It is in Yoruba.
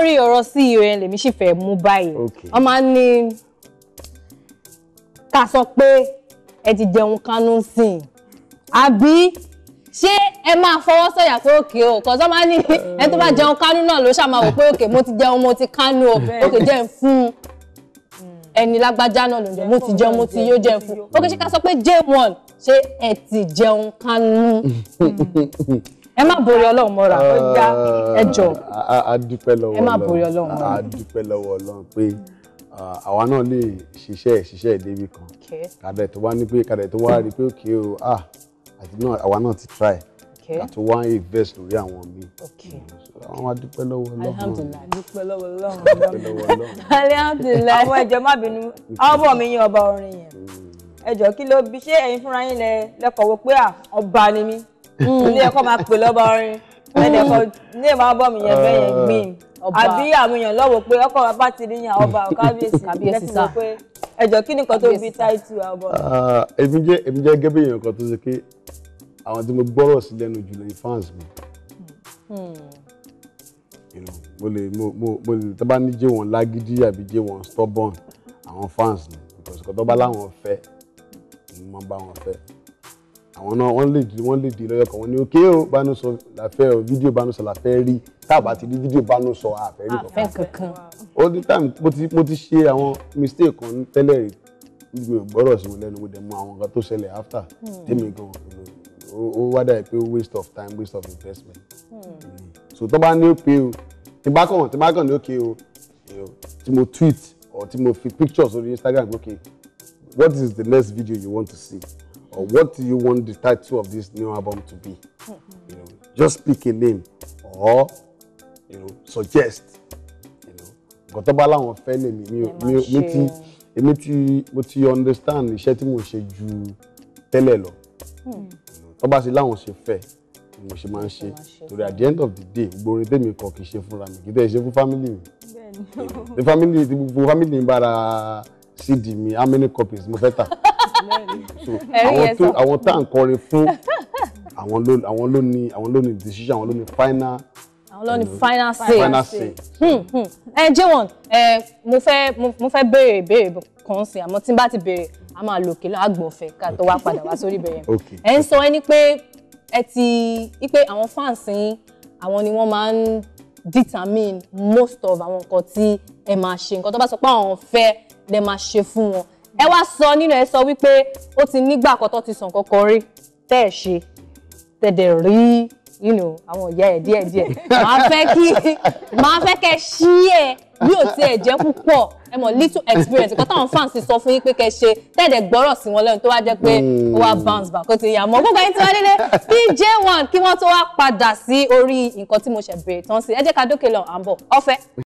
lórí ọ̀rọ̀ sí ire lèmi sì fẹ́ mú báyìí wọ́n máa ń ní ká sọ pé ẹ ti jẹun kánú sìn àbí ṣé ẹ máa fọwọ́ sọ̀yà pé òkè o kọ́ sọ máa ní ẹ tó bá jẹun kánú náà ló ṣàmà wò pé òkè mo ti jẹun mo ti kánú o òkè jẹ́ ń fún ẹni lágbájá náà lòjọ mo ti jẹun mo ti yóò jẹun fún òkè ṣé ká sọ pé j1 ṣé ẹ ti jẹun kánú. ẹ má borí ọlọ́run mọ́ra ó yá ẹ jọ ẹ má borí ọlọ́run mọ́ra. a dúpẹ́ lọ́wọ́ ọlọ́run pé àwa náà lè ṣiṣẹ́ ṣiṣẹ́ ìdébì kan kàdẹ̀ tó wá ní pé kàdẹ̀ tó wá rí pé òkè o àwa náà ti try kàtó wá invest lórí àwọn míì àwọn adúpẹ́ lọ́wọ́ ọlọ́run alihamudulilayi adúpẹ́ lọ́wọ́ ọlọ́run alihamudulilayi àwọn ẹ̀jọ̀ má bínú ọbọ̀ mi yín ọba orin yẹn mm. ẹ̀jọ̀ kí ló bí ṣé ẹ̀yin fúnra yín lẹ lẹ́kọ̀ọ́ wọ pé ọba ni mí ilé mm. ẹ̀kọ́ máa pè lọ́ba orin ẹ̀dẹ̀kọ́ ní ìmọ̀ ábọ̀mù yẹn bẹ́ẹ̀ yẹn gbìn àbí àwọn èèyàn lọ́wọ́ pé ọkọ̀ bàbá ti rí yan ọba mm. kábíyèsí lẹ́sìn lọ pé ẹ̀jọ̀ kí nìkan tó bí táìtù àbọ̀. èmi jẹ́ èmi jẹ́ gẹ́gẹ́ èèyàn kan tó ṣe pé àwọn tí mo gbọ́rọ̀ sí lẹ́nu jùlọ ní fans mi hmm. mo lè mo mo lè tó bá ní jẹ́ wọn lágídí àbí jẹ́ wọn stubborn àwọn fans ni because kò tó bá láwọn fẹ́ mo máa bá wọn fẹ́ àwọn náà wọ́n lè wọ́n lè di lọ́yọ̀ kan wọ́n ní ok o Banuso làfẹ́ o fídíò Banuso làfẹ́ rí tábà ti rí fídíò Banuso àfẹ́ rí kankan ó ní táàmì mo ti ṣe àwọn mistake kan tẹ́lẹ̀ rí mi ò gbọ́rọ̀ sí mi lẹ́nu mo dẹ̀ mọ àwọn nǹkan tó ṣẹlẹ̀ after hmm. tèmi gan ó wá dà pé waste of time waste of investment hmm. so tó bá ní ó pé o tí bá kàn tí bá kàn ní ó ké o tí mo tweet or tí mo fi pictures orí Instagram ok what is the next video you want to see or what do you want the title of this new album to be? You know, just pick a name or you know, suggest. You know, nǹkan tó bá láwọn mi mi mi ti èmi ti mo ti understand iṣẹ́ tí mo ṣe ju tẹ́lẹ̀ lọ. Hmm. tó bá ṣe láwọn ṣe fẹ́ ni mo ṣe máa ń ṣe torí at the end of the day gbogbo orin tèmi kan kì í ṣe fúnra mi kì í tẹ̀ ṣe fún family mi. bẹ́ẹ̀ni. family ti family mi bára cd mi how many copies mo fẹ́ tà. àwọn tá à ń kọrin fún àwọn ló àwọn ló ní àwọn ló ní decision àwọn ló ní final. àwọn ló ní eh, final say final say. ẹ J1 ẹ mo fẹ́ mo fẹ́ béèrè ìbéèrè kan sí àmọ́ tí n bá ti béèrè a máa lòkè lágbọ̀fẹ́ ká tó wá padà wá sórí ìbẹ̀rẹ̀ ẹ ń sọ ẹ ní pé ẹ ti ní pé àwọn fans yín àwọn ni wọ́n máa ń determine most of àwọn nǹkan tí ẹ máa ṣe nǹkan tó bá sọ pé àwọn fẹ́ lẹ máa ṣe fún wọn ẹ wá sọ nínú ẹ sọ wípé ó ti nígbà kan tó ti sàn kankan rí tẹ́ ẹ̀ ṣe tẹ̀dẹ̀ rí nínú àwọn ìyá ẹ̀ díẹ̀díẹ̀ màá fẹ́ kí màá fẹ́ kẹ́ ṣí ẹ̀ bí ò tiẹ̀ jẹ́ púpọ̀ ẹ mọ̀ little experience nǹkan táwọn fans sọ fún yín pé kẹ́ ṣe tẹ̀dẹ̀ gbọ́rọ̀ sí wọn lẹ́nu tó wá jẹ́ pé ó wá bounce back ó ti yà mọ́ gbogbo ẹni tí wọ́n délé PJ1 kí wọ́n tó wá padà sí orí nǹkan tí mo ṣẹ̀ bèrè tán sí ẹ jẹ́ ká dókè lọ à ń